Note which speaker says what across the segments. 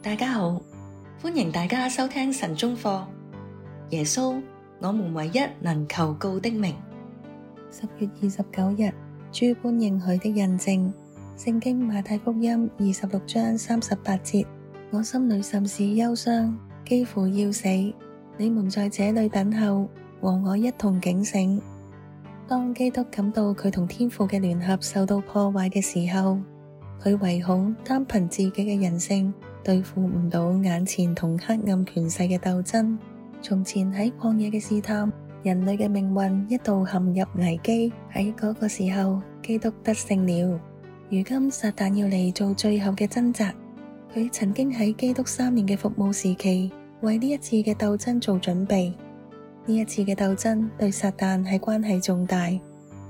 Speaker 1: 大家好，歡迎大家收聽晨鐘課。耶穌，我們唯一能求告的名。十月二十九日，諸般應許的印證。聖經馬太福音二十六章三十八節：我心裏甚是憂傷，幾乎要死。你們在這裏等候，和我一同警醒。當基督感到佢同天父嘅聯合受到破壞嘅時候，佢唯恐單憑自己嘅人性。對付唔到眼前同黑暗權勢嘅鬥爭，從前喺曠野嘅試探，人類嘅命運一度陷入危機。喺嗰個時候，基督得勝了。如今撒旦要嚟做最後嘅掙扎，佢曾經喺基督三年嘅服務時期，為呢一次嘅鬥爭做準備。呢一次嘅鬥爭對撒旦係關係重大，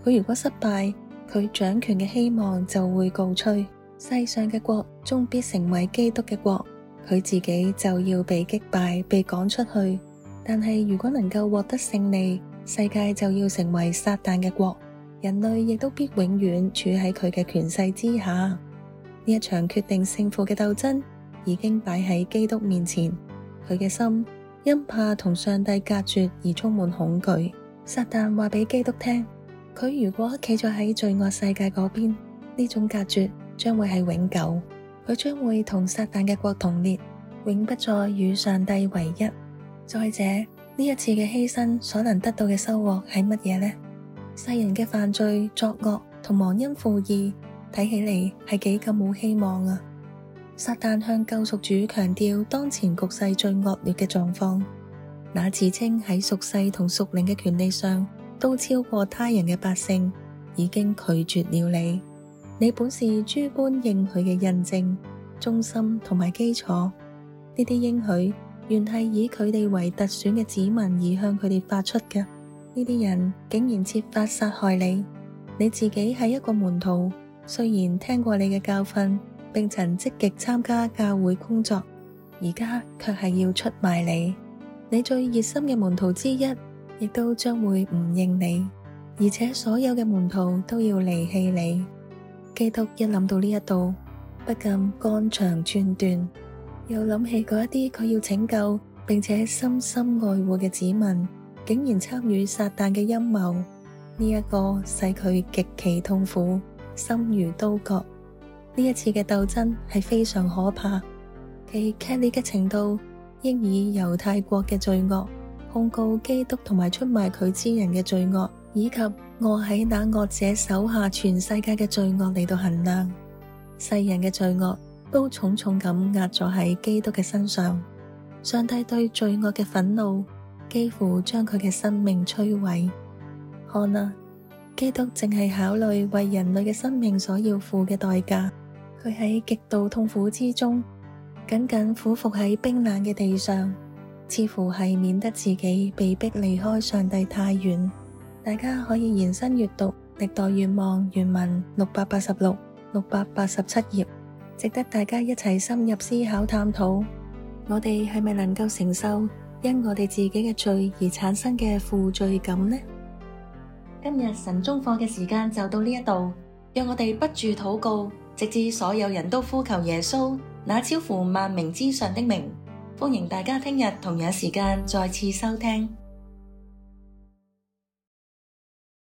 Speaker 1: 佢如果失敗，佢掌權嘅希望就會告吹。世上嘅國終必成為基督嘅國，佢自己就要被擊敗、被趕出去。但係如果能夠獲得勝利，世界就要成為撒旦嘅國，人類亦都必永遠處喺佢嘅權勢之下。呢一場決定勝負嘅鬥爭已經擺喺基督面前，佢嘅心因怕同上帝隔絕而充滿恐懼。撒旦話俾基督聽，佢如果企咗喺罪惡世界嗰邊，呢種隔絕。將會係永久，佢將會同撒旦嘅國同列，永不再與上帝為一。再者，呢一次嘅犧牲所能得到嘅收穫係乜嘢呢？世人嘅犯罪作惡同忘恩負義，睇起嚟係幾咁冇希望啊！撒旦向救贖主強調當前局勢最惡劣嘅狀況，那自稱喺屬世同屬靈嘅權利上都超過他人嘅百姓，已經拒絕了你。你本是諸般應許嘅印證、忠心同埋基礎，呢啲應許原係以佢哋為特選嘅子民而向佢哋發出嘅。呢啲人竟然設法殺害你，你自己係一個門徒，雖然聽過你嘅教訓，並曾積極參加教會工作，而家卻係要出賣你。你最熱心嘅門徒之一，亦都將會唔認你，而且所有嘅門徒都要離棄你。基督一諗到呢一度，不禁肝腸寸斷，又諗起嗰一啲佢要拯救並且深深愛護嘅子民，竟然參與撒但嘅陰謀，呢、這、一個使佢極其痛苦，心如刀割。呢一次嘅鬥爭係非常可怕，其劇烈嘅程度，應以猶太國嘅罪惡控告基督同埋出賣佢之人嘅罪惡。以及臥喺那惡者手下，全世界嘅罪惡嚟到衡量，世人嘅罪惡都重重咁壓咗喺基督嘅身上。上帝對罪惡嘅憤怒幾乎將佢嘅生命摧毀。看啦，基督淨係考慮為人類嘅生命所要付嘅代價。佢喺極度痛苦之中，緊緊俯伏喺冰冷嘅地上，似乎係免得自己被逼離開上帝太遠。大家可以延伸閱讀《歷代願望》原文六百八十六、六百八十七頁，值得大家一齊深入思考探討。我哋係咪能夠承受因我哋自己嘅罪而產生嘅負罪感呢？今日神中課嘅時間就到呢一度，讓我哋不住禱告，直至所有人都呼求耶穌那超乎萬名之上的名。歡迎大家聽日同樣時間再次收聽。